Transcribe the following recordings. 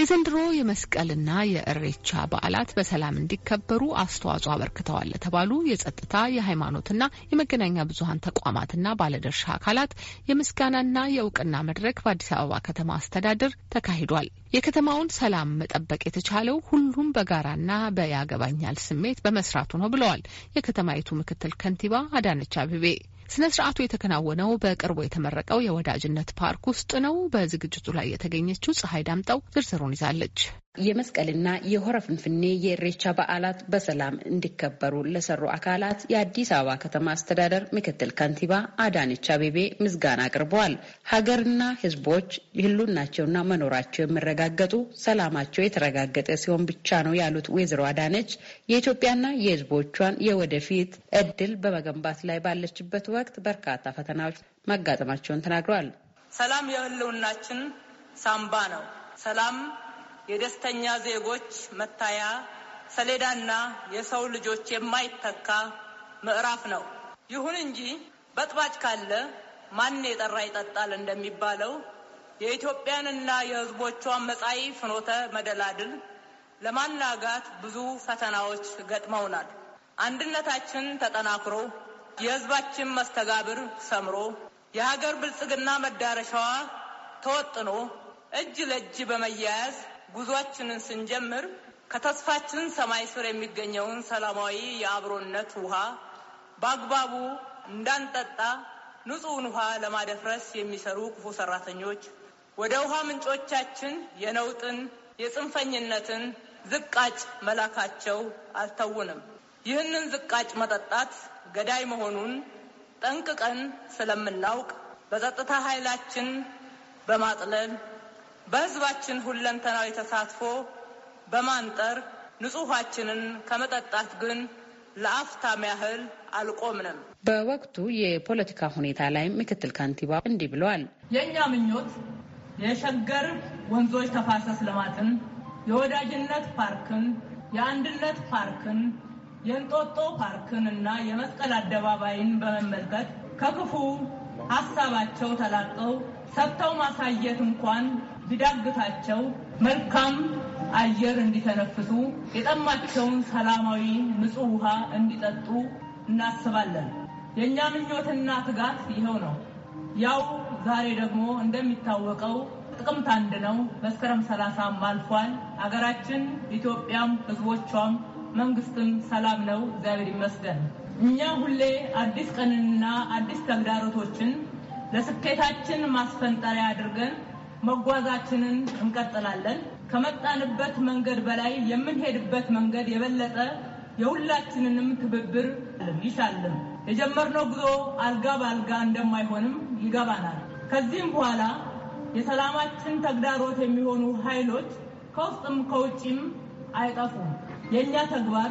የዘንድሮ የመስቀልና የእሬቻ በዓላት በሰላም እንዲከበሩ አስተዋጽኦ አበርክተዋል ለተባሉ የጸጥታ የሃይማኖትና የመገናኛ ብዙሀን ተቋማትና ባለድርሻ አካላት የምስጋናና የእውቅና መድረክ በአዲስ አበባ ከተማ አስተዳደር ተካሂዷል። የከተማውን ሰላም መጠበቅ የተቻለው ሁሉም በጋራና በያገባኛል ስሜት በመስራቱ ነው ብለዋል የከተማይቱ ምክትል ከንቲባ አዳነች አቤቤ። ስነ ስርዓቱ የተከናወነው በቅርቡ የተመረቀው የወዳጅነት ፓርክ ውስጥ ነው። በዝግጅቱ ላይ የተገኘችው ፀሐይ ዳምጠው ዝርዝሩ መቀመጫውን ይዛለች። የመስቀልና የሆረ ፍንፍኔ የእሬቻ በዓላት በሰላም እንዲከበሩ ለሰሩ አካላት የአዲስ አበባ ከተማ አስተዳደር ምክትል ከንቲባ አዳነች አቤቤ ምስጋና አቅርበዋል። ሀገርና ሕዝቦች ህሉናቸውና መኖራቸው የሚረጋገጡ ሰላማቸው የተረጋገጠ ሲሆን ብቻ ነው ያሉት ወይዘሮ አዳነች የኢትዮጵያና የሕዝቦቿን የወደፊት እድል በመገንባት ላይ ባለችበት ወቅት በርካታ ፈተናዎች መጋጠማቸውን ተናግረዋል። ሰላም የህልውናችን ሳምባ ነው። ሰላም የደስተኛ ዜጎች መታያ ሰሌዳና የሰው ልጆች የማይተካ ምዕራፍ ነው። ይሁን እንጂ በጥባጭ ካለ ማን የጠራ ይጠጣል እንደሚባለው የኢትዮጵያንና የሕዝቦቿን መጻኢ ፍኖተ መደላድል ለማናጋት ብዙ ፈተናዎች ገጥመውናል። አንድነታችን ተጠናክሮ የሕዝባችን መስተጋብር ሰምሮ የሀገር ብልጽግና መዳረሻዋ ተወጥኖ እጅ ለእጅ በመያያዝ ጉዟችንን ስንጀምር ከተስፋችን ሰማይ ስር የሚገኘውን ሰላማዊ የአብሮነት ውሃ በአግባቡ እንዳንጠጣ ንጹሕን ውሃ ለማደፍረስ የሚሰሩ ክፉ ሰራተኞች ወደ ውሃ ምንጮቻችን የነውጥን የጽንፈኝነትን ዝቃጭ መላካቸው አልተውንም። ይህንን ዝቃጭ መጠጣት ገዳይ መሆኑን ጠንቅቀን ስለምናውቅ በጸጥታ ኃይላችን በማጥለል በህዝባችን ሁለንተናዊ ተሳትፎ በማንጠር ንጹሐችንን ከመጠጣት ግን ለአፍታም ያህል አልቆምንም። በወቅቱ የፖለቲካ ሁኔታ ላይ ምክትል ከንቲባ እንዲህ ብለዋል። የእኛ ምኞት የሸገር ወንዞች ተፋሰስ ልማትን፣ የወዳጅነት ፓርክን፣ የአንድነት ፓርክን፣ የእንጦጦ ፓርክን እና የመስቀል አደባባይን በመመልከት ከክፉ ሀሳባቸው ተላቀው ሰጥተው ማሳየት እንኳን ቢዳግታቸው መልካም አየር እንዲተነፍሱ፣ የጠማቸውን ሰላማዊ ንጹህ ውሃ እንዲጠጡ እናስባለን። የእኛ ምኞትና ትጋት ይኸው ነው። ያው ዛሬ ደግሞ እንደሚታወቀው ጥቅምት አንድ ነው፣ መስከረም ሰላሳም አልፏል። አገራችን ኢትዮጵያም ህዝቦቿም፣ መንግስትም ሰላም ነው፣ እግዚአብሔር ይመስገን። እኛ ሁሌ አዲስ ቀንንና አዲስ ተግዳሮቶችን ለስኬታችን ማስፈንጠሪያ አድርገን መጓዛችንን እንቀጥላለን። ከመጣንበት መንገድ በላይ የምንሄድበት መንገድ የበለጠ የሁላችንንም ትብብር ይሻልም። የጀመርነው ጉዞ አልጋ በአልጋ እንደማይሆንም ይገባናል። ከዚህም በኋላ የሰላማችን ተግዳሮት የሚሆኑ ኃይሎች ከውስጥም ከውጭም አይጠፉም። የእኛ ተግባር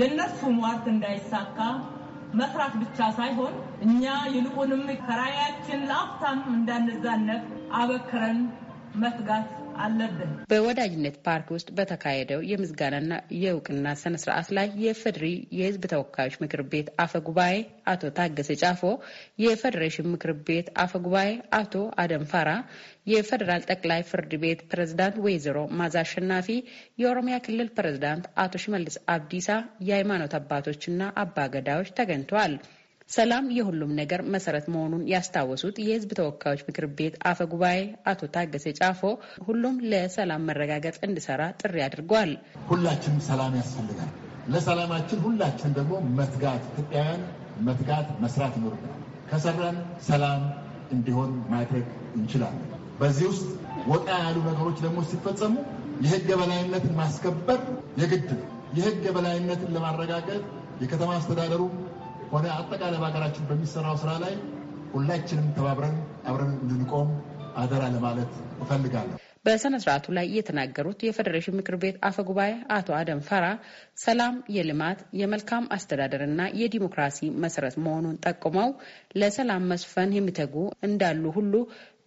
የእነርሱ ሟርት እንዳይሳካ መስራት ብቻ ሳይሆን እኛ ይልቁንም ከራያችን ለአፍታም እንዳንዛነፍ አበክረን መትጋት አለብን። በወዳጅነት ፓርክ ውስጥ በተካሄደው የምስጋናና የእውቅና ስነ ስርዓት ላይ የፌዴሪ የህዝብ ተወካዮች ምክር ቤት አፈ ጉባኤ አቶ ታገሰ ጫፎ፣ የፌዴሬሽን ምክር ቤት አፈ ጉባኤ አቶ ፋራ፣ የፌዴራል ጠቅላይ ፍርድ ቤት ፕሬዝዳንት ወይዘሮ ማዛ አሸናፊ፣ የኦሮሚያ ክልል ፕሬዝዳንት አቶ ሽመልስ አብዲሳ፣ የሃይማኖት አባቶችና አባገዳዮች ተገኝተዋል። ሰላም የሁሉም ነገር መሰረት መሆኑን ያስታወሱት የህዝብ ተወካዮች ምክር ቤት አፈ ጉባኤ አቶ ታገሰ ጫፎ ሁሉም ለሰላም መረጋገጥ እንዲሰራ ጥሪ አድርጓል። ሁላችንም ሰላም ያስፈልጋል። ለሰላማችን ሁላችን ደግሞ መትጋት፣ ኢትዮጵያውያን መትጋት፣ መስራት ይኖርብናል። ከሰራን ሰላም እንዲሆን ማድረግ እንችላለን። በዚህ ውስጥ ወጣ ያሉ ነገሮች ደግሞ ሲፈጸሙ የህግ የበላይነትን ማስከበር የግድ ነው። የህግ የበላይነትን ለማረጋገጥ የከተማ አስተዳደሩ ሆነ አጠቃላይ በሀገራችን በሚሰራው ስራ ላይ ሁላችንም ተባብረን አብረን እንድንቆም አደራ ለማለት እፈልጋለሁ። በስነ ስርዓቱ ላይ የተናገሩት የፌዴሬሽን ምክር ቤት አፈ ጉባኤ አቶ አደም ፈራ ሰላም የልማት የመልካም አስተዳደርና የዲሞክራሲ መሰረት መሆኑን ጠቁመው ለሰላም መስፈን የሚተጉ እንዳሉ ሁሉ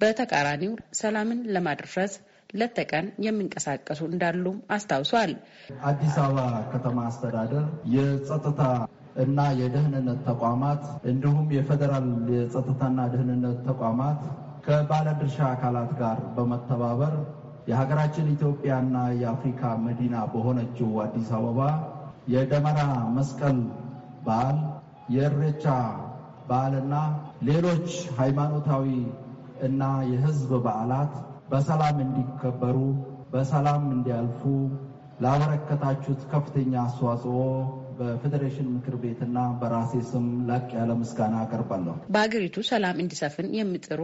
በተቃራኒው ሰላምን ለማድረስ ለተቀን የሚንቀሳቀሱ እንዳሉም አስታውሷል። አዲስ አበባ ከተማ አስተዳደር የጸጥታ እና የደህንነት ተቋማት እንዲሁም የፌዴራል የጸጥታና ደህንነት ተቋማት ከባለድርሻ አካላት ጋር በመተባበር የሀገራችን ኢትዮጵያና የአፍሪካ መዲና በሆነችው አዲስ አበባ የደመራ መስቀል በዓል፣ የእሬቻ በዓልና ሌሎች ሃይማኖታዊ እና የሕዝብ በዓላት በሰላም እንዲከበሩ በሰላም እንዲያልፉ ላበረከታችሁት ከፍተኛ አስተዋጽኦ በፌዴሬሽን ምክር ቤትና በራሴ ስም ላቅ ያለ ምስጋና አቀርባለሁ። በሀገሪቱ ሰላም እንዲሰፍን የሚጥሩ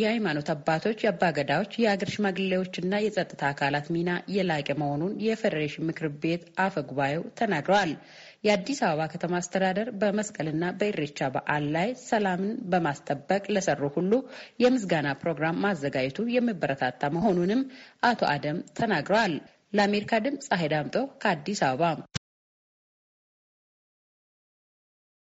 የሃይማኖት አባቶች፣ የአባገዳዎች፣ የአገር ሽማግሌዎችና የጸጥታ አካላት ሚና የላቀ መሆኑን የፌዴሬሽን ምክር ቤት አፈ ጉባኤው ተናግረዋል። የአዲስ አበባ ከተማ አስተዳደር በመስቀልና በኢሬቻ በዓል ላይ ሰላምን በማስጠበቅ ለሰሩ ሁሉ የምስጋና ፕሮግራም ማዘጋጀቱ የሚበረታታ መሆኑንም አቶ አደም ተናግረዋል። ለአሜሪካ ድምፅ ፀሐይ ዳምጦ ከአዲስ አበባ